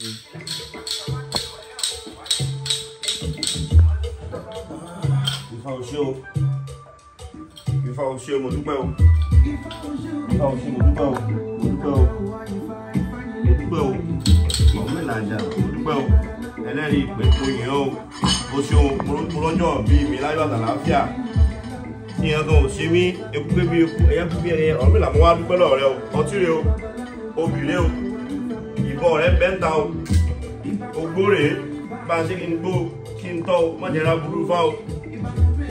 Ifá o ṣé o. Ifá o ṣé o, mo dúpẹ́ o. Ifá o ṣé mo dúpẹ́ o. Mo dúpẹ́ o. Mo dúpẹ́ o. Ọ̀hún mi làjà, mo dúpẹ́ o. Ẹlẹ́rìí ìpè tó yẹn o. O ṣeun, mo lọ́jọ́ bí mi láyọ̀ àtàlàáfíà. Ìyẹn gan ò ṣe mí, ekú pé bí ekú, ẹ̀yẹ́ kú bí ẹ̀yẹ, ọ̀hún mi làmú wá dúpẹ́ lọ́rẹ́ o. Ọtí rẹ o, obì rẹ o nǹkan ọ̀rẹ́ bẹ́ńtà o ògbó rèé bá a ṣe kí n gbó kí n tọ́ o má jẹ́ ra burú fá o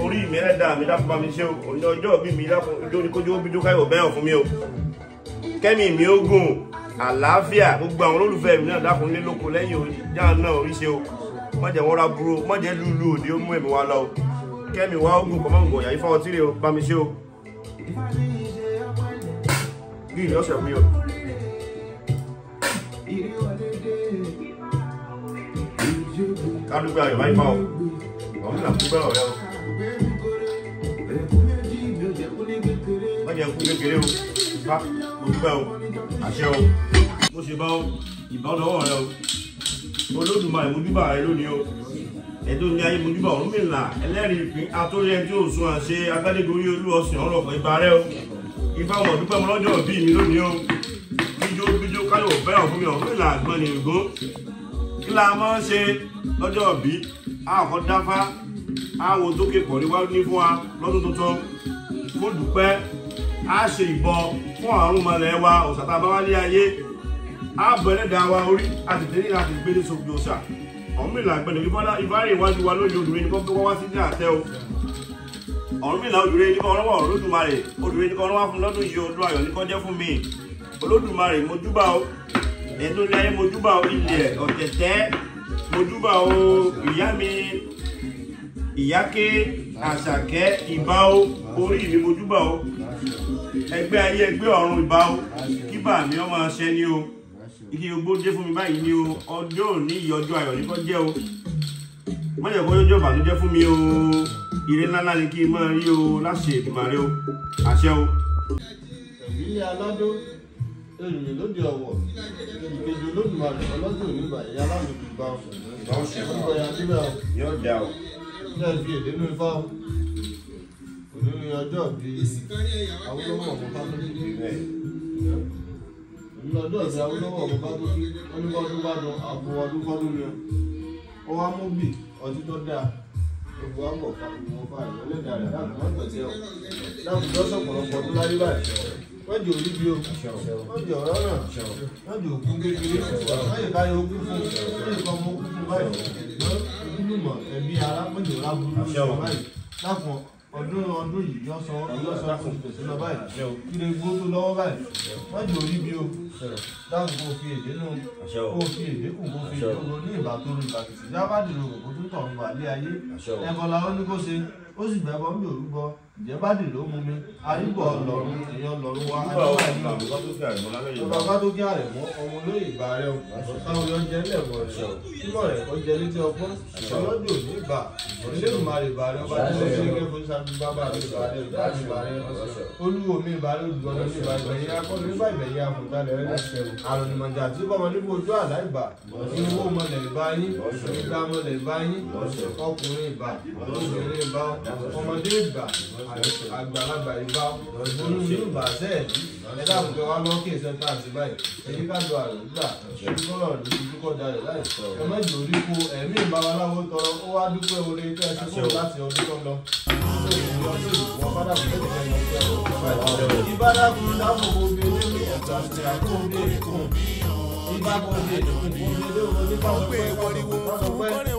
orí mi ẹ̀dá mi dákun bá ṣe o òní ọjọ́ bí mi dákun ìjóníkójú ó bí jókáyọ̀ bẹ́ẹ̀ fún mi o kẹ́mi mi ó gùn àlàáfíà gbogbo àwọn olólùfẹ́ mi náà dákun lé lóko lẹ́yìn ìjà náà oríṣi o má jẹ́ wọ́n ra burú o má jẹ́ lulu òde ó mú ẹ̀mí wa lọ o kẹ́mi wá ó gùn kọ́mọ́ gùn ọ̀yà ifá ọtí rè o bá mi ṣe o. bí ìyọ́sẹ̀ mi o kádùgbà yọ̀ láì máa wọ́n mú àdúgbà ọ̀rẹ́ o. wọ́n jẹ́ kú kékeré o bá mo o àṣẹ o mo ṣe bá o ìbádọ́wọ́ rẹ o olódùmarè mo rẹ lónìí o ẹ̀dọ́ ní ayé mo ọ̀rún mi là ẹlẹ́rìí ìpín atórí tí ò sun àṣẹ agbádégorí olú ọ̀sìn ọ̀rọ̀ ìbárẹ́ o ìfáwọn ọ̀dúpẹ́ mọ́lọ́jọ́ bí mi lónìí o ló fẹ́ràn fún mi ọ̀hún mi làgbọ́n lè gbó kí la máa ń ṣe lọ́jọ́ òbí a kọ́ dáfá a wo tókè pọ̀ níwá ní fún wa lọ́dún tuntun kó dúpẹ́ a ṣe ìbọ fún àrùn mọ̀lẹ́ wa òṣàtà báwa ní ayé a bẹ̀rẹ̀ dá wa orí àti tẹ̀lé láti gbé ní sọ́gbìn òṣà ọ̀hún mi làgbẹ̀lẹ̀ ìbárè iwájú wa lóye obìnrin ní kọ́ wá sí ní àtẹ o ọ̀rùn mi là obìnrin ní kọ́ ọ̀rọ̀ ọ̀rọ̀ lódùmarè obìnrin ní kọ́ ọ̀rọ̀ fún lọ́dún yìí ọdún ayọ̀ ní kọ́ jẹ́ fún mi olódùmarè mojúbà o ètò ilé ayé mojúbà o ilẹ̀ ọ̀tẹ̀tẹ̀ mojúbà o ìyá mi ìyáké àṣàkẹ́ ìbà o orí mi mojúbà o ẹgbẹ́ ayé ẹgbẹ́ ọ̀run ìbà o kíbà mi ọmọ ṣẹ ni o ike gbogbo jẹ́ fún mi báyìí ni o ọjọ́ òní yìí ọjọ́ ayọ̀ ní kọ́ jẹ́ o mọ́jẹ̀ kọ́ yọjọ́ ìbànújẹ́ fún mi o ire ńláńlá ni kí n máa rí o láṣẹ Èdùmàrè àṣẹ o. ìdílé aládó èrìyè lóde ọ̀wọ̀ ìkejì olódùmarè ọlọ́dún òní ìbàyẹ̀ yá láti fi gba ọ̀sẹ̀ gba ọ̀sẹ̀ ọ̀sẹ̀ ọ̀yà síbẹ̀ ọ̀ yóò dà ọ̀ ní ẹ̀fí èdè ní ifá òní ní ọjọ́ bíi awolowo ọ̀pọ̀ fábílì ní ọjọ́ bíi awolowo ọ̀pọ̀ fábílì ọdún bá dùn àpò ọdún fọ́dún ni ọ wá mú bì ọtí tó dáa gbogbo àgbọ̀ fáwọn ọba ìwọlé dàrẹ̀ láàbùmọ́tò tí ọ láàbùmọ́tò ọ̀pọ̀lọpọ̀ ọdún láyé báyìí mọ́jọ orí bí o mọ́jọ ọ̀rọ̀ náà mọ́jọ òkú kékeré mọ́jọ báyọ̀ òkú fún mọ́jọ kan mọ́ òkú fún báyìí mọ́jọ mọ́ ẹ̀mí ara mọ́jọ ọ̀rá burú fún báyìí láfọ̀ ọdún ọdún yìí yọ sọ yọ sọ fún ìpèsè lọ báyìí kí lè gbó tó lọ́wọ́ báyìí mọ́jọ orí bí o dáhùn kó fi èdè nù kó fi èdè kù kó fi èdè ní ìbá tó lu ìbàkìtì jábàdìrò kò tó tọ̀ ń ìjẹ́bádì ló mú mi arúgbó ọlọ́run èèyàn lọ́rùn wa bàbá tó gé àrẹ̀ mọ́ ọmọ olóyè ìgbà rẹ̀ ọ̀sán oyè ọjẹ́ lẹ́ẹ̀mọ́ rẹ̀ kíkọ́ rẹ̀ ọjẹ́ létí ọgbọ́n ọlọ́dún òní ìbà olóòmà rẹ̀ ìbà rẹ̀ ọba tó ṣe gẹ́gẹ́ fún sábì bàbá rẹ̀ ìbà rẹ̀ ìbà rẹ̀ olúwo mi ìbà rẹ̀ olùdọ́dọ́ àgbàlagbà ibà olú yorùbá sẹ́ẹ̀ ẹ dáàbò pé wá lọ́kè sẹ́ńtà àti báyìí èyí ká lo àrùngbà ṣùgbọ́n ìdúkọ́ dalẹ̀ láì ẹ mẹ́jọ orí kó ẹ̀mí ìbáraláwo tọrọ ó wá dúpẹ́ orí tó ẹ ti kó láti ọdún tó lọ. ìbádàkùn dáàbòbò bí onímì ẹ̀tọ́ àti àkóńdé kùn ìbákòóndé kùn ìdílé onípàwọ̀ pẹ̀lú ọ̀pọ̀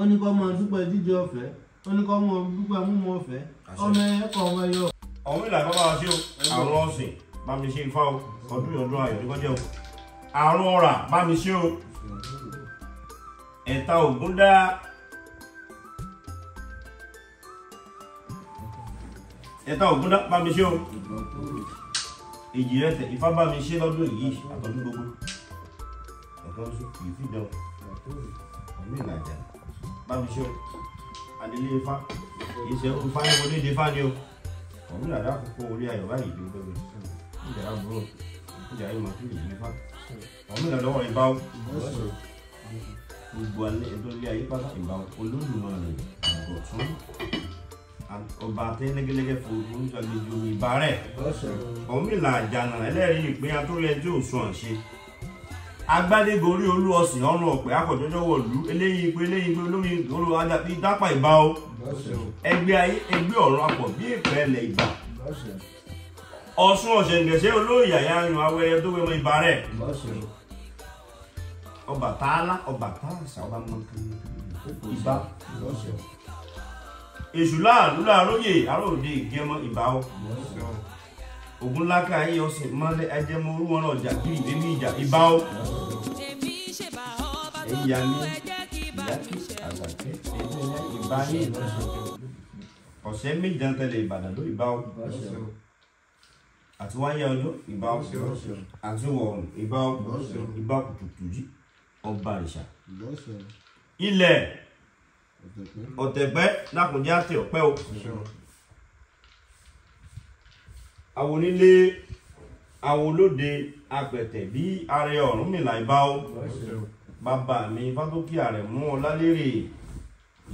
ó ní kó máa dúpẹ́ jíjẹ ọ̀fẹ́ ó ní kó máa dúpẹ́ múmu ọ̀fẹ́ ọmọ ẹ̀yẹ kọ̀ ọmọ ẹ̀yọ. àwọn ìlànà bá wa sí o àrùn ọ̀sìn bá mi ṣe ifá o ọdún ìyọ̀dún ayọ̀ ní kọjá o àrùn ọ̀rà bá mi ṣe o ẹ̀ta ògùn dá ẹ̀ta ògùn dá bá mi ṣe o èjì rẹ tẹ ifá bá mi ṣe lọ́dún yìí àtọ́jú gbogbo ẹ̀ka oṣù kì í fi jẹun ọ̀mí ìlàjà bámiṣọ adelé ifá ìṣe ifá ní mo dédé ifá ni o òun dàda àkókò orí ayọ̀ báyìí ló bẹ̀rẹ̀ ń dàda búrò ń dàda ìmọ̀ tó lè yí ifá òun dàda lọ́wọ́ ìbá o gbogbo alẹ́ ẹ̀dọ́ ilé ayé pátá ìbá o Olódùmarè ọ̀tún ọba tẹ lẹgẹlẹgẹ fòrò ń sàgbéjì omi ìbá rẹ òun mi là àjànà ẹlẹ́rìí ìpín atúrẹ́jọ́ òsùn àṣẹ agbádégo orí olú ọ̀sìn ọ̀run ọ̀pẹ̀ akọ̀jọ́jọ́ wọ̀lú eléyìí pé eléyìí pé olómi olú ajáfi dápà ìbá o ẹgbẹ́ ayé ẹgbẹ́ ọ̀run akọ̀ bí èpè ẹlẹ̀ ìbà ọ̀ṣun ọ̀ṣẹ̀ǹgẹ̀ṣẹ̀ olóyè àyàyàn awẹ́rẹ́ tó wẹ́mọ ìbà rẹ̀ Ọbàtálá Ọbàtálàṣà ọba mọ̀kàn ìbà èṣù láàlú láàróyè àròdè ìgẹmọ ìbà o ogunlaka ayọsìn mọlẹ ajẹmọrú wọn náà jà bí ìdílé ìjà ìbá ó ẹyà ní ìyákí àgbàkẹ ẹgbẹ ìbá ní ọ̀sẹ̀ méjì dáńtẹlẹ ìbàdàn ló ìbá ó àti wáyé ọdún ìbá ó àti wọrùn ìbá ó ìbá kùtùkùtù jí ọba àrìṣà ilẹ̀ ọ̀tẹ̀pẹ́ lákùnjá tẹ ọ̀pẹ́ o àwọn onílé àwọn olóde apẹ̀tẹ̀ bí ààrẹ Ọ̀rúnmìlà ìbà o bàbá mi fátókì ààrẹ mú ọ lálérè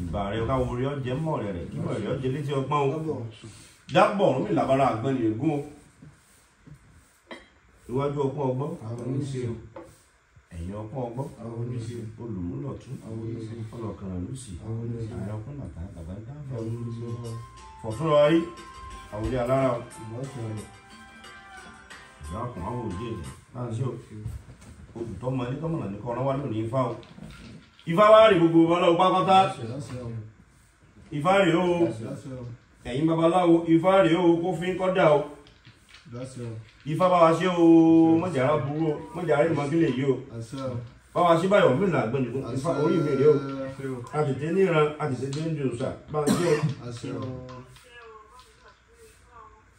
ìbà rẹ káwọn orí ọjẹ mọ rẹ rẹ kí bọrẹ ọjẹ létí ọgbọ́n o Dábọ̀ Ọ̀rúnmìlà bára àgbọn ní ègún o iwájú ọpọ́n ọgbọ́n ẹ̀yìn ọpọ́n ọgbọ́n olùmúlọ̀tún ọlọ́kànlá lùsì ààrẹ ọpọ́n nàtà bàbá dábọ̀ fọ̀tún lọ rí àwòdì alára o. ìyá kan àwọn òbí ẹ̀ láti ah, olùtọ́mọ ẹni tọ́mọ náà ní kọ́ ọ̀rọ̀ wá lónìí ifá o ifá wá rí gbogbo ọlọ́wọ́ pápátá ifá rí o ẹ̀yin babaláwo ifá rí o kó fi ń kọ́dà o ifá bá wa ṣe o mọ̀jára burú o mọ̀jára ìmọ̀gílẹ̀ yìí o bá wa ṣe báyọ̀ mí là gbẹ̀yìn kó ifá orí mi rí o àtẹ̀tẹ̀ níran àtẹ̀tẹ̀ déńdé òṣà bá a ṣe o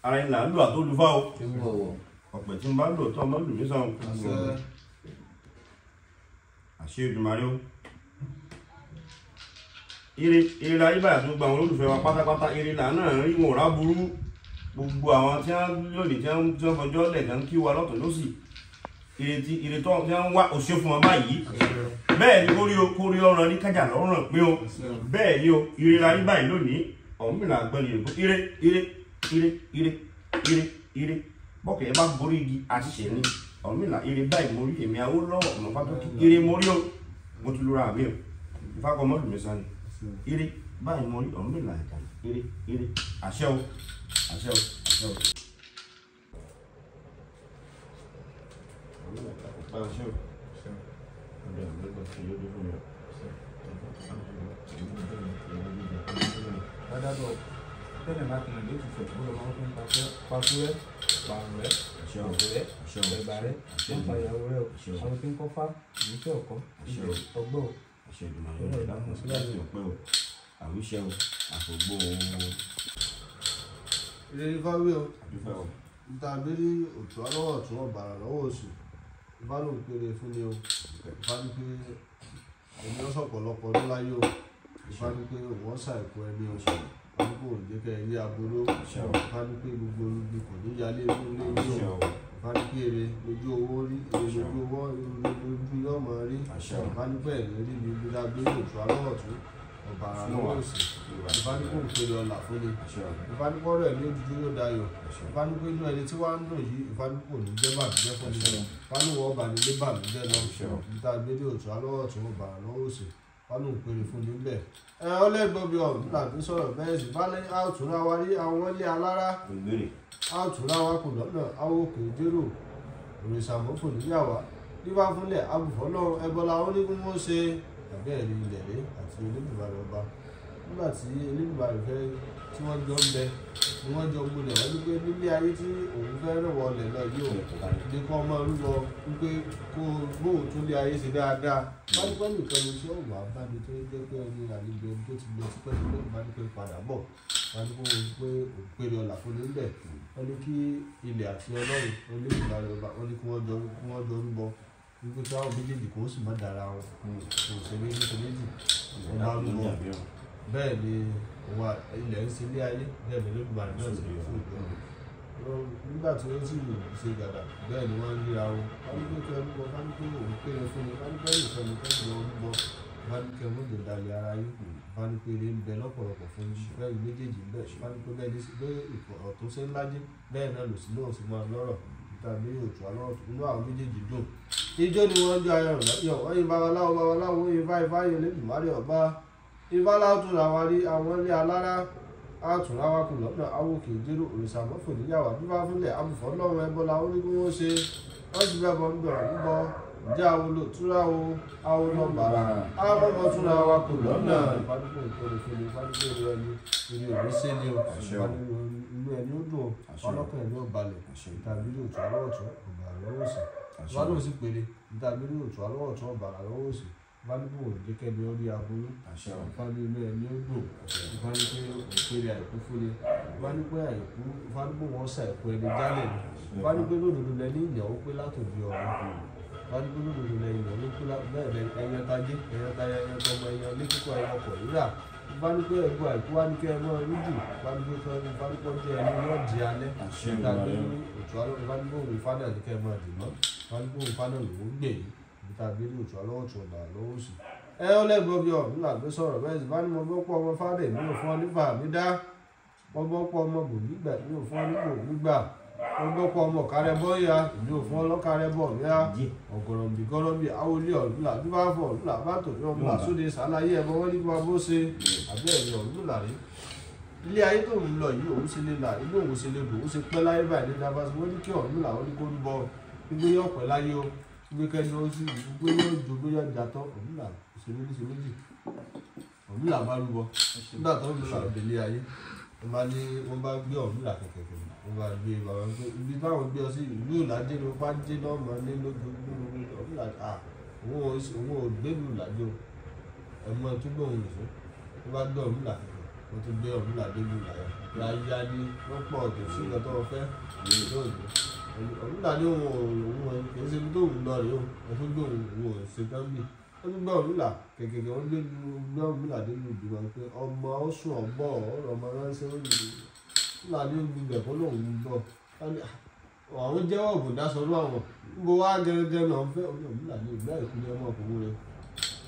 ara yín là ń lò àtòlùfà o ọ̀pẹ̀ tí n bá lò tọ́ mọ́lù mi sàn àṣẹ Èdùmàrè o ire ire ayébáyà tó gba àwọn olólùfẹ́ wa pátápátá ire là náà rí wọn ò rá burú gbogbo àwọn tí wọn lónìí tí wọn tí wọn fọjọ́ lẹ̀ náà kí wa lọ́tọ̀ lọ́sì ire tí ire tó tí wọn wá òṣè fún wọn báyìí bẹ́ẹ̀ ni kórí o kórí ọ̀ràn ní kájà lọ́rùn pé o bẹ́ẹ̀ ni o ire ayébáyà lónìí ọ̀hún mi là gbọ́n ni ire ire ire ire ire bọ́kẹ́ ẹ bá borí igi àṣìṣe ní Ọ̀rúnmìlà ire báyìí mo rí èmi Awólọ́wọ̀ ọmọ fátókì ire mo rí o mo ti lura àmì o ìfakọ mọ́lù mi sani ire báyìí mo rí Ọ̀rúnmìlà Ìjàlá ire ire àṣẹ o àṣẹ o àṣẹ o. Àṣẹ o. Ọ̀dọ̀ àgbẹ̀gbẹ̀ tí tẹ́lẹ̀ bá ti nàìjíríà ti fẹ̀ ó lọ máa fi ń pakú rẹ pààrọ̀ rẹ òkú rẹ ẹgbà rẹ wọ́n pa ìyàwó rẹ o àwọn tí ń kọ́ fá ìlú tí ọ̀kọ́ ilẹ̀ ọgbọ́ o. àṣẹdùmọ̀ yóò dáhùn sílẹ̀ ní ọ̀pẹ́ o àwíṣẹ o àfọ̀gbọ́ o. ìrírí kọ́ wí o tàbí òtù alọ́wọ́ ọ̀tún ọ̀bàrà lọ́wọ́ oṣù ìbálò péré fún ni o ìbálòpé àdúgbò òjẹ́kẹ́ ilé aboló ìfánipé gbogbo olùgbé kò ní yálé inú ilé yìí o ìfánipé èrè lójú owó rí èrè lójú owó lójú yọmọ rí ìfánipé ẹ̀rí rí ibi lágbé òṣù alọ́ọ̀tún ọ̀bàrà lọ́wọ́ òsì ìfánipé òkèlè ọ̀là fúnni ìfánipé ọ̀rọ̀ ẹ̀mí òdúdú yóò dayọ̀ ìfánipé inú ẹni tí wàá ń dùn yìí ìfánipé òní jẹ́ bàbíjẹ́ fúnni ìfánipé ọ̀bànílé bàbíjẹ́ lọ ìfánipé òtún alọ́ọ̀tún ọ̀bàrà wọn lòun péré fún mi bẹ́ẹ̀ ẹ ọlẹgbọbi ọhún làbí sọ̀rọ̀ bẹ́ẹ̀ sì bá ní àtúnra wa rí àwọn ilé alára àtúnra wa kò lọ́nà àwọn òkè dérò òrìṣà mọfò níyàwá níbà fúnlẹ àbùfọlọrun ẹbọlá onígun wọn ṣe ẹgbẹ́ ẹ̀rí ilẹ̀ rẹ àti olódùmarè ọba nígbà tí olódùmarè fẹ́ tí wọ́n jọ ń bẹ wọ́n jọ gbọdọ̀ wọ́n wípé nílé ayé tí òun fẹ́ rẹ̀ wọlé lọ yóò ní kọ́ ọmọ rúbọ wípé kó bóun tún lé ayé ṣe dáadáa pálípálí nǹkan ló ṣe ọ̀wọ́ abáni tó jẹ́ pé ẹni àlejò tó ti lọ sí pẹ́ẹ́lú lóun bá ní pé padà bọ̀ wọ́n ní kó wọ́n pé òpèrè ọ̀là fún ní bẹ̀ wọ́n ní kí ilẹ̀ àti ọlọ́run olóògbé àlọ́ba wọ́n ní kí wọ́n jọ rúbọ wípé kí àwọn méjèèjì kò sì mọ́ dára wọn kò sí méjì bẹ́ẹ̀ ni wa ilẹ̀ ń ṣe ilé ayé bẹ́ẹ̀ ni lóògbà náà ti lè fún ìgbà nígbà tí wọ́n sì ṣe gàdà bẹ́ẹ̀ ni wọ́n ń ríra o kánípẹ́ orúkọ kánípẹ́ òun péré fún mi kánípẹ́ ìfẹ́ mi fẹ́ lọ rúbọ kánípẹ́ mọ́jọ dalẹ̀ ara yín kánípẹ́ eré ń bẹ lọ́pọ̀lọpọ̀ fún mi fẹ́ méjèèjì bẹ́ẹ̀ kánípẹ́ bẹ́ẹ̀ ní pé ìkọ̀rọ̀ tó ṣe ńlá jẹ́ bẹ́ẹ̀ náà lòsí lóhùn sí máa lọ́rọ̀ tàbí òtún alọ́rọ̀ tó nínú àwọn méjèèjì dùn ijó ni wọ́n ń jó ayọ̀ rẹ̀ yọ̀ wọ́n yin babaláwo babaláwo yin fáyifáyi lẹ́yìn márì ọ̀bá ifá látún làwọn rí àwọn ilé alára àtúnra wa kù lọ́nà awòkè ìdérò òrìṣà mọ́fò níyàwó bíbá fúnlẹ̀ amúfọ́ lọ́wọ́ ẹbọlá onígun wọn ṣe wọ́n ti bẹ́ẹ̀ bọ́ ń bẹ̀rẹ̀ ń bọ́ ǹjẹ́ àwòlò túra o àwòlò bàrà àwòlò túra wa kù ni bálùbù jẹ́kẹ́ bí ó rí aburú ìfanilé ẹni ó dùn ìfanilé òkèrè àìkú fúnni ìfanilé àìkú ìfanilé wọn ṣàìkú ẹni jálẹ̀ ìfanilé lòdòdó lẹ́ni ìyàwó pé látòdì ọ̀run ìfanilé lòdòdó lẹ́ni ìyàwó pé bẹ́ẹ̀ ẹyẹ tajé ẹyẹ tajé ẹyẹ tọmọ ẹyẹ létíkọ ẹyẹ ọkọ̀ rírà ìfanilé ẹgbẹ́ àìkú wá ní kẹ́ ẹmọ rúdù ìfanilé tọ́ ìfanilé jẹ́ ẹni yóò di alẹ́ ìgbàgbé òtún ìfanilé òun ìfanilé àti kẹ́ ẹmọ àdìmọ́ ìfanilé òun ìfanilé òun gbè yìí tàbílì òtún ọlọ́wọ́ tún ọ̀dà lọ́wọ́ sí. ẹ ó lẹ́gbọ́n bí ọ̀run làgbé sọ̀rọ̀ bẹ́ẹ̀ sì bá ní mo gbọ́ pọ̀ ọmọ fáde mi ò fún ọ nípa mi dá mo gbọ́ pọ̀ ọmọ bò nígbà mi ò fún ọ nípò nígbà mo gbọ́ pọ̀ ọmọ kárẹ́ bọ́ ya mi ò fún ọ lọ́kárẹ́ bọ̀ ya ọ̀gọ̀rọ̀mbì gọ́rọ́mbì awolé ọ̀run là bí bá fọ ọ̀run là bá tòbí ọmọ àsóde sàlàyé ẹ̀ bọ́wọ́ nípa bó ṣe àbẹ́ẹ̀rẹ̀ ọ̀run là rí ilé ayé tó ń lọ yìí òun ṣe lè là ilé òun ṣe lè bò ó ṣe pẹ́ láyé báyìí ní dábàá wọ́n ní kí ọ̀run làwọn ní kó ń bọ gbígbé yọ̀pẹ̀ láyé o ibi kẹni ó sì gbóyè òjò gbóyè ọjà tọ òmùlà ìṣèlú ní ìṣèlú méjì òmùlà bá rúbọ nígbà tó òmùlà délé ayé wọn bá ní wọn bá gbé òmùlà kẹkẹkẹ wọn bá gbé bàbá gbé ibi táwọn gbé ọ sí ìlú ìlàjẹ ló bá jẹ lọmọ ní lójoojúmọ́ òmùlà à òun ò gbélú ìlàjẹ o ẹmọ tó gbóhùn nìṣó wọn bá gbé òmùlà kẹkẹ wọn tún gbé òmùlà délé ìlàjẹ ìlàjẹ ni olùdarí òun òun òun kì í ṣe ibi tó òun lọ rèé o ẹfún gbé òun òun òun ṣe gánbì ó ní gbọ́ òun là kẹ̀kẹ̀kẹ̀ ó lé gbọ́ òun là dé lu ìdìbò pé ọmọ ó sùn ọ̀bọ̀ ọ̀rọ̀ ọmọ ránṣẹ́ ó lè olùdarí òun gbígbẹ̀ kó lóun gbọ́ àwọn jẹ́wọ́ ògùn dásọ̀rọ̀ àwọn ń bo wá náà fẹ́ òun òun là ní ìgbà ìkúlẹ̀ ọmọkùnrin rẹ̀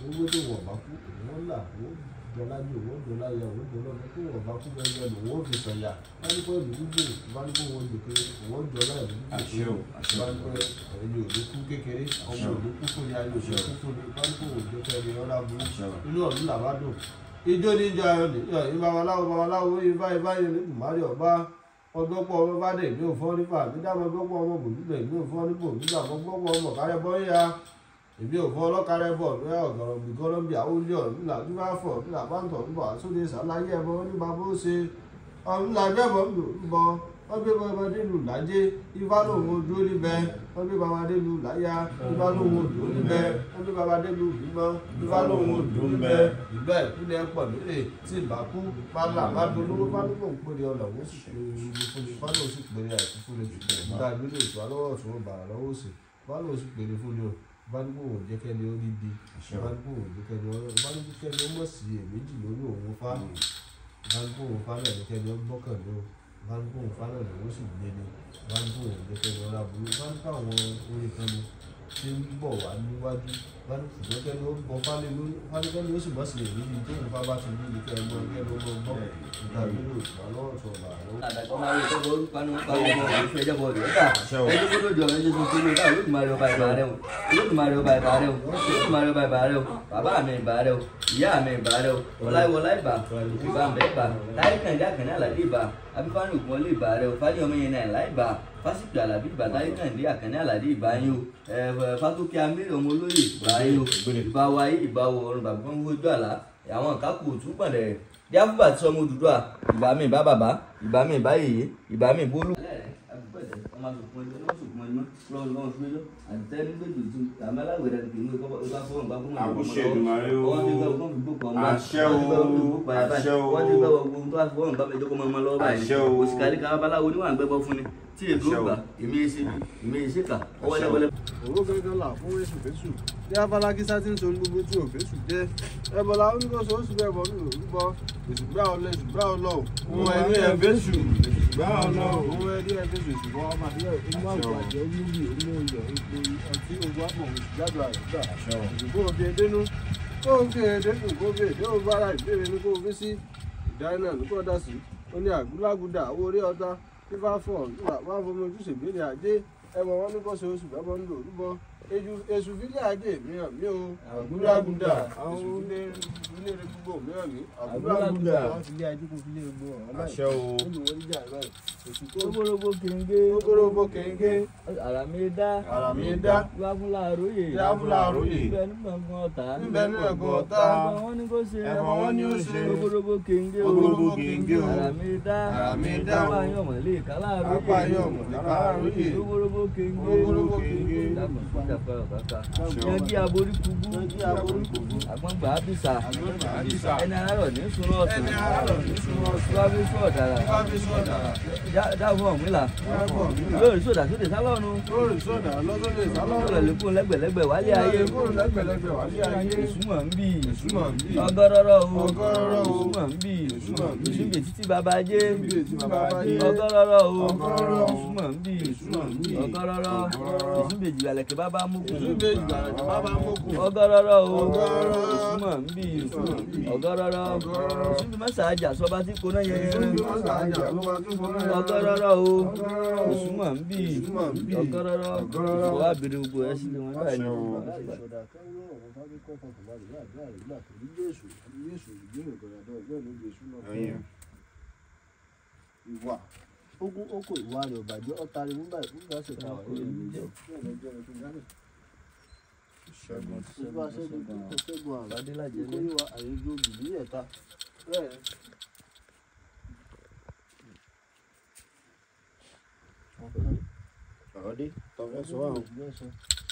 owó tó wọ̀ bá kú òun là jọlá yìí owó jọlá yà owó jọlá ọmọ tó ọba kú bẹ yẹ lówó fi sọyà bánípọ ìlú dúdú bánípọ wọn dùkú owó jọlá ìlú dúdú bánípọ ẹni òdòkú kékeré ọmọ òdòkú fúnni ayé òdòkú fúnni bánípọ òdòkú ẹni ọlá burú inú ọdún làbádùn ijó ní ijó ayọ̀ ní ìbá babaláwo babaláwo ìbá ìbá yẹn ní kùmárì ọba ọgbọ́pọ̀ ọmọ bá dé ìmí òfò nípa àbídá ọgbọ́pọ̀ ọmọ bòmídà ìmí òfò nípa òmídà ọgbọ́pọ̀ ọmọ kárẹ́ bọ́yá èmi ò fọ ọlọ́kadà ẹ̀bọ̀ rẹ ọ̀gọ̀rọ̀ mi gọ́lọ́mbìà ó lé ọ̀rọ̀ nílà tó bá fọ̀ nílà bá ń tọ̀ níbọ̀ àtúndé sàlàyé ẹ̀bọ̀ nípa bó ṣe ọ̀nùlà gbẹ̀bọ̀ ńbọ wọ́n gbé babadé lu lájé ifá lòun ojú ó níbẹ̀ wọ́n gbé babadé lu láyà ifá lòun ojú ó níbẹ̀ wọ́n gbé babadé lu bímọ ifá lòun ojú ó níbẹ̀ ìgbà ìpínlẹ̀ pọ̀ lóde tí ìbá kú pálá bá dolówó bá lóko ń pèrè ọ̀nà wọ́n sì pèrè ìfúnni fálọ̀ sì pèrè àìsí nígbà ìbílẹ̀ ìtura lọ́wọ́ ọ̀tún balùwò ò jẹ́ balùwò ò balùwò kẹ́ni ó èméjì lórí òun fa hmm. balùwò òun fa náà balùwò òun fa sì gbé balùwò ò jẹ́ balùwò àwọn orin kan ni ṣe ń bọ̀ wá níwájú fàdúkẹ́ ló bọ fálẹ́ lórí fálẹ́ ló sì bọ́ sílẹ̀ níbi tó ń bá bá ti ní ìfẹ́ ẹgbẹ́ ẹgbẹ́ ló lọ gbọ́ nígbà nínú ìtura lọ́rọ̀ tó bá lọ. àdàkọ́ máa yọ sọ́bọ̀ orúkọ ní wọ́n parí ọmọ òfin ẹjọ́ bọ̀ rẹ̀ ká ẹjọ́ kó lójó ọ̀rẹ́ jésù sí ilé káà olódùmarè ọba ìbà rẹ̀ o olódùmarè ọba ìbà rẹ̀ o olódùmarè ọba ìbà rẹ̀ o bàbá mi ìbà rẹ̀ o ìyá mi ìbà rẹ̀ o ọláìwọlá ìbà ìbà ògùn ọlé ìbà rẹ̀ o fálẹ́ yẹn náà láìbà fásitì alábí bàtàrí kàndé àkànní àlàdé ìbáyín o fátókè amílẹ̀ ọmọ olóyè ìbáyín o ìbáwáyé ìbáwọ ọrùn bàbá ń gbójú àlá àwọn ìkákò tún pàdé yàgùbà tí ọmọ Odùduwà ìbá mi ìbá bàbá ìbá mi ìbá yèyé ìbá mi ìbó olú. àbúṣe ìdùmarè o àṣẹ àṣẹ o àṣẹ o àṣẹ o tí èdè ó gbà èmi èsì èmi èsì kà ó wọlé wọlé. owó gángan là fún èsù fésù tí afálágísá ti ń so gbogbo tí òfésù jẹ ẹbọlá oníkóso oṣù bẹ́ẹ̀ bọ nínú òrùbọ èsù gbá ọ lọ èsù gbá ọ lọ òun ẹni ẹ fésù èsù gbá ọ lọ òun ẹni ẹ fésù èsù bọ ọmọ àdúrà ìmú àgbàjẹ olúbi olóyè ìpè ọtí ogun àpò òsì gbàdúrà rẹ gbà ìdìbò òbí ẹdẹnu kó o fi ẹdẹnu kó o fi ẹdẹ òbára ìbéèrè ní kó o fi sí ìdáná ní kó o dá sí ó ní àgúlágúdà owó orí ọta bí bá fọ̀ wá fọmọ ojúṣe ìbéèrè ajé ẹ̀wọ̀n wọn ní bọ́sẹ̀ oṣù bẹ́ẹ̀ bọ́ ń lò ó èṣù fílẹ̀ àgè mìíràn mi ò àgúdàgúdà èṣù fílẹ̀ fílẹ̀ gbogbo mìíràn mi àgúdàgúdà fílẹ̀ àdínkù fílẹ̀ gbogbo ọ̀la àṣẹ o èṣù tó gbogbo kéńgé gbogbo kéńgé àràmídá àràmídá lábúlà àròyè lábúlà àròyè níbẹ̀ nígbà gan ọ̀tá níbẹ̀ nígbà gan ọ̀tá ni kò ṣe ẹ̀fọn ni ó ṣe gbogbo kéńgé gbogbo kéńgé o àràmídá àràmídá apá yọ̀mọ̀ lè kálá àròyè apá yọ̀mọ̀ kálá àròyè gbogbo kéńgé gbogbo kéńgé yangi aborí kubú agbọ̀ngbà abisa ẹni arárọ̀ ní sunú ọ̀sán tíwájú sún ọ̀dàrà dáhùn ọ̀mílà lórí sódà sódè sálọ́ọ̀nù lórí lẹ́kùn lẹ́gbẹ̀lẹ́gbẹ̀ wálé ayé ìsúmọ̀ ń bì ọgọ́rọ́rọ́ o ìsúmọ̀ ń bì ìsúmọ̀ títí bàbá jẹ́ ọgọ́rọ́rọ́ o ìsúmọ̀ ń bì ọgọ́rọ́rọ́ ìsúmọ̀ èjìlá bá mokùn. ìdílé ìgbàlejò má bá mokùn. ọgọrọrọ o ìsúmọ̀ ń bì í ọgọrọrọ òsínbí mọ́sàájà bi, tí kò náà yẹyẹrẹ ọgọrọrọ o òsúmọ̀ ń bì í ọgọrọrọ ìfọwọ́ àbèrè gbogbo ẹ̀ sílẹ̀ wọn báyìí ìwà ogún okò ìwà rẹ̀ ọ̀bàjẹ́ ọ̀tàrí múgbà múgbà ṣèkà ọ̀rẹ́ ìlú ìjọba ṣẹ́gun tó ṣẹ́gun àrùn adélàjẹ́ ní ìwà àyèjò òbí ní ẹ̀ta bẹ́ẹ̀ ọ̀dẹ́ tọ́fẹ́ sọ àwọn.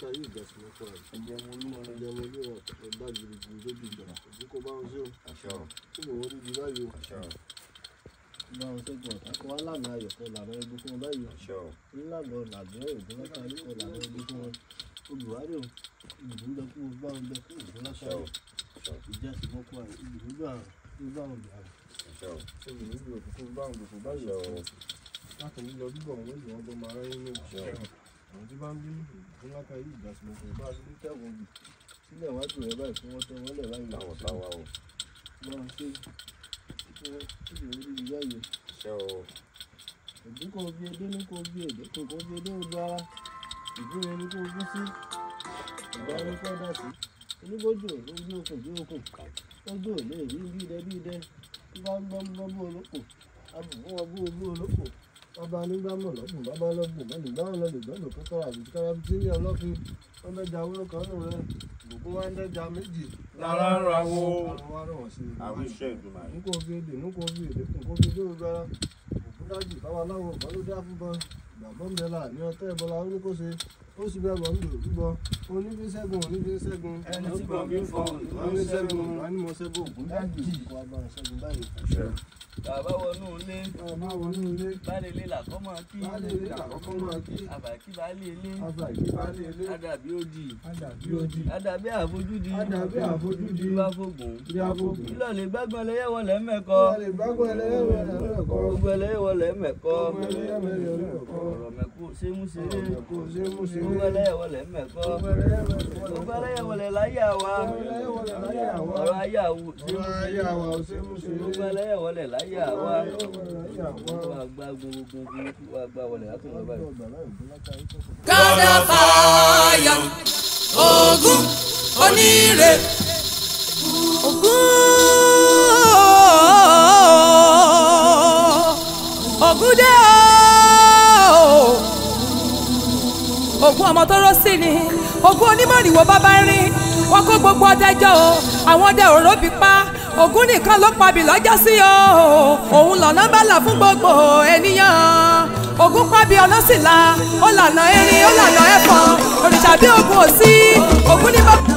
ta yóò jẹ́ sí lọ́kọ̀ rẹ̀. ẹ̀jẹ̀ mo lúmọ̀ rẹ̀. ẹ̀jẹ̀ mo lúmọ̀ rẹ̀ bá gidi gidi lójú ìgbà. òbí kò bá wọn sí o. kí ni wọ́n níbi báyìí o. àṣọ. wọn sẹ́gun ọ̀tá kó wá lànà ayọ̀ kó lànà ibi fún wọn báyìí o. àṣọ. nílànà làbẹ́ ìdúnlọ́ta ní kó lànà fún wọn. olùwárí o ìdúnlọ́kù bá wọn bẹ fún ìdúnlọ́ta rẹ̀. ìjà sí lọ́kọ̀ rẹ̀ ìdúnlọ́ láti ń lọ wọn lè àwọn tí bá ń bínú fún lákàáyé ìgbàsílẹ̀ bá a ti tẹ̀wọ̀n bì sílẹ̀ wájú rẹ̀ báyìí tí wọ́n tẹ wọ́n lẹ̀ báyìí láwọn táwa o. máa ṣe kí wọ́n kí lè rí i báyìí. ṣé o. ẹ̀dí kò bí edé ní kò bí èdè kò kò bí edé odò ara ìbúra ẹni kò gún sí ìgbà ẹni fẹ́ dà sí. oníbójú ò ló okùn gbé okùn ó gbé òlé rí bí idẹ bí idẹ tó bá ń gbọ́ ń olóko àbùkù wọn bó olóko bàbá onígbàmọ̀ lọ́gùn bàbá ọlọ́gùn mẹ́lì gbáwọn lọ́lẹ̀ gbẹ́lò kọ́kọ́rọ́ àbùkù kára bí tíní ọlọ́fin wọ́n mẹ́ja wúrọ́ kan nù rẹ̀ gbogbo wa ń dẹ́ja méjì. lára ń ra wo àwọn iṣẹ́ ìgbìmọ̀ rẹ̀. nukọ fi èdè nukọ fi èdè kùn kó fi dóòrò gbára òkú dájú báwa láwọn ọ̀bá ló dá fún bọ́ gbàgbọ́ mẹ́la ní ọtẹ́ ìbọlá olúkọ́sẹ́ ó sì bẹ bọ̀ ńlò gbọ́ onífíṣẹ́gun onífíṣẹ́gun ẹni tí kò ní fọ onífíṣẹ́gun onímọ̀ṣẹ́gun ògùn dájú kó agbára ṣẹ́gun báyìí. bàbá wọnú ilé bàbá wọnú ilé baálé ilé làkọ́ máa kí baálé ilé làkọ́kọ́ máa kí àbàkí baálé ilé àbàkí baálé ilé àdàbí òdì àdàbí òdì àdàbí àfojúdi àdàbí àfojúdi bí afógun bí afógun ìlọlẹ̀ gbàgbọ́n gbàgbọ́n ẹlẹ́yẹ wọlé mẹ́kọ́ ọ̀rọ̀ mẹ́kọ́ ṣé mú ṣeré wọlé mẹ́kọ́ gbogbo ẹlẹ́yẹwọlé láyà wa ọ̀rọ̀ fàyà ogun oníire ogun ogun dẹ́. ògùn ọmọ tó rọ́ sí ni ògùn onímọ̀rìnwó bábá rin wọn kó gbogbo ọdẹ o àwọn ọdẹ òró bí pa ògùn nìkan ló pabì lọ́jọ́ o òun lọ́nà bá fún gbogbo ènìyàn ògùn pabì ọlọ́sìnla ó lànà erin ó lànà ẹ̀fọn òrìṣà bí ògùn òsì ògùn ní bàbá.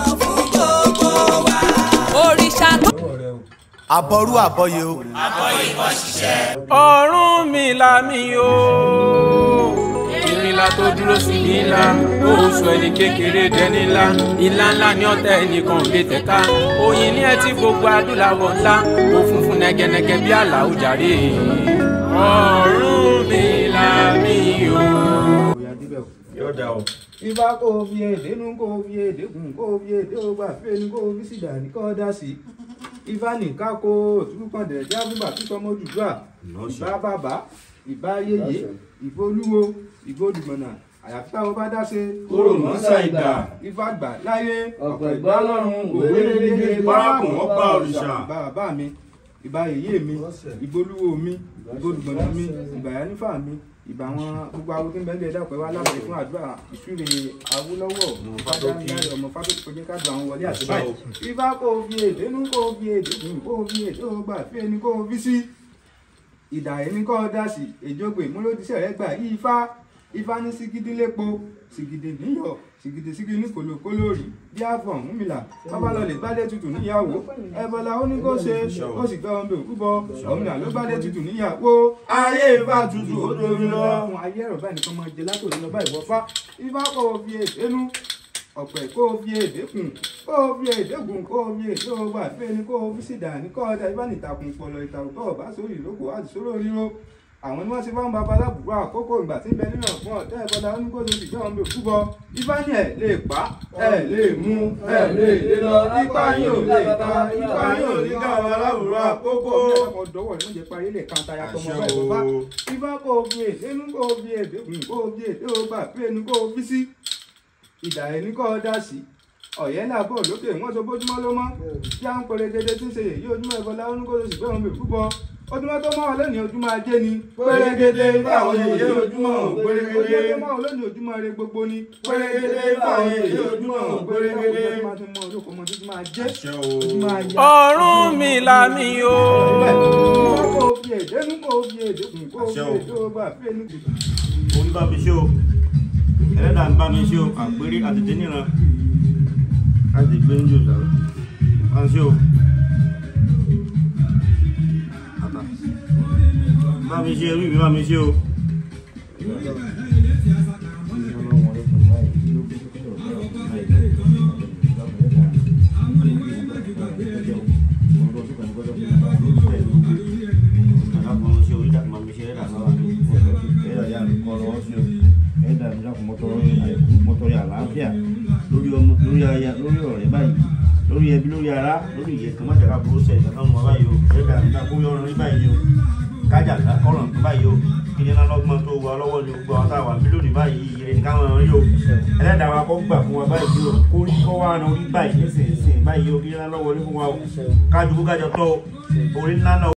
òrìṣà tó. o. àbọ̀ ìbọn ọ̀run mi là mí o ńlá tó dúró sí ní ńlá oṣù ẹni kékeré dẹni ńlá ìlà ńlá ní ọ̀tẹ̀ ẹnìkan lè tẹ̀ka oyin ní ẹ ti gbogbo adúláwọ̀ ńlá òfunfun nẹgẹnẹgẹ bí àlà òjàre ọ̀run mi là mí o. yọ̀dà o fi èdè nu kó fi èdè kùn kó fi èdè ogbà fẹ́ni kó fi sìdá ní kọ́ dá sí ìbá nìkan kó o tún kàn jábùbà tó sọmọ dùdú à ìbá bàbá ìbá yéyé ìgbólúwo ìgbódùmọ̀nà àyàfi táwọn bá dá ṣe. kóró mọ́sá ìgbà. ifá gbà láyé. ọ̀pọ̀ ìgbà ọlọ́run òwe lédè pápọ̀ wọ́n bá òrìṣà. bàbá mi ìbà mi ìgbólúwo mi ìgbódùmọ̀nà mi ìbàyà nífà mi ìbà àwọn gbogbo awo tí ń bẹ́ẹ̀ dẹ́pẹ́ wá lábẹ́ fún àdúrà ìṣúre Awólọ́wọ̀ fàdáńgáyé ọmọ fábíyì kọjá kájú àwọn wọlé àti báyìí. ifá kò fi èdè nú kò fi èdè nù kò fi èdè ó fi ẹni kò fi sí ìdà èmi kọ́ dá sí èjògbè múlòdìṣẹ́ rẹ gbà yí ifá ifá ní sìgìdì lépo sìgìdì níyọ̀ sìgìdì sìgìdì ní kòlòkòlò rí bí àfọ̀ múmìlà babalọlẹ̀ gbádé tutù níyàwó ẹ̀bọ̀là ó ní kó ṣe ó sì gbẹ́ ọmọbẹ̀ òkú bọ ọmọbìnrin ló gbádé tutù níyàwó. ayé ifá tutù ó dorí lọ. ayé ẹ̀rọ báyìí nìkan máa jẹ látòlélọ́bá ìwọ́fá ifá kọ̀wọ́ fi ẹnu ọ̀pẹ̀ kó fi èdè kùn kó fi èdè kùn kó fi èdè owó àfẹ́ni kó fi sì dàní kó ọjà ibà nìtàkùn pọ̀lọ̀ ìtàkùn tó ọ̀bá sórí ìlókò àti sóró ríro àwọn ni wọ́n ti bá ń ba balábùrú àkókò ìgbà tí ń bẹ nínú ọ̀gbọ́n ọ̀tẹ́ ìbọ̀dà oníkóso ti jẹ́ òun bè kúbọ ifá ni ẹ̀ lè pa ẹ̀ lè mú ẹ̀ lè lè lọ ipá yín lè pa ipá yín ò ní ká balábùrú àkókò. ọmọ dọwọ ní oúnjẹ parí lè kan taya tọmọ bá ìbọn bá ifá fi èdè nú kò fi èdè kò fi èdè ó gbà pé nu kò fi sí ìdà ẹni kọ́ ọ dá sí ọ̀yẹ́ náà bọ̀ lókè wọ́n sọ bójúmọ́ ló mọ́ bí à ń pèrè dédé tí ń ṣe èyí ojúmọ́ ẹ̀bọ láwọn oníkóso sì gbẹ̀wọ̀n bẹ̀ púpọ̀ ojúmọ́ tó mọ́ ọlọ́ni ojúmọ́ ajé ni pérégedé fáwọn èyí ojúmọ́ pérégedé ojúmọ́ ọlọ́ni ojúmọ́ rẹ gbogbo ni pérégedé fáwọn èyí ojúmọ́ pérégedé ọ̀run mi lami o. kò fi èdè kò fi èdè kò fi èdè ó o ẹlẹ́dàá ń bá mi ṣe o àpérí àtẹ̀tẹ̀ níran láti gbé ní jòsà bá ń ṣe o bá mi ṣe irú ìbí bá mi ṣe o. àlàáfíà lórí ọmọ lórí aya lórí ọ̀rẹ́ báyìí lórí ẹbí lórí ara lórí ìyẹn kan májàká burú sẹ ìtàkùn wọn báyìí o ẹgbẹ àmì náà kóyọ ọrùn rí báyìí o kájà kọrọ nǹkan báyìí o kíni náà lọ́gbọ́n tó wà lọ́wọ́ ni gbogbo àwọn táwa mílíọnù báyìí ẹnìkan wọn rí o ẹlẹ́dàá wa kọ gbà fún wa báyìí o kó rí kọ wá ní orí báyìí nísinsìnyí báyìí o kíni náà lọ́wọ́ ní fún wa o kájú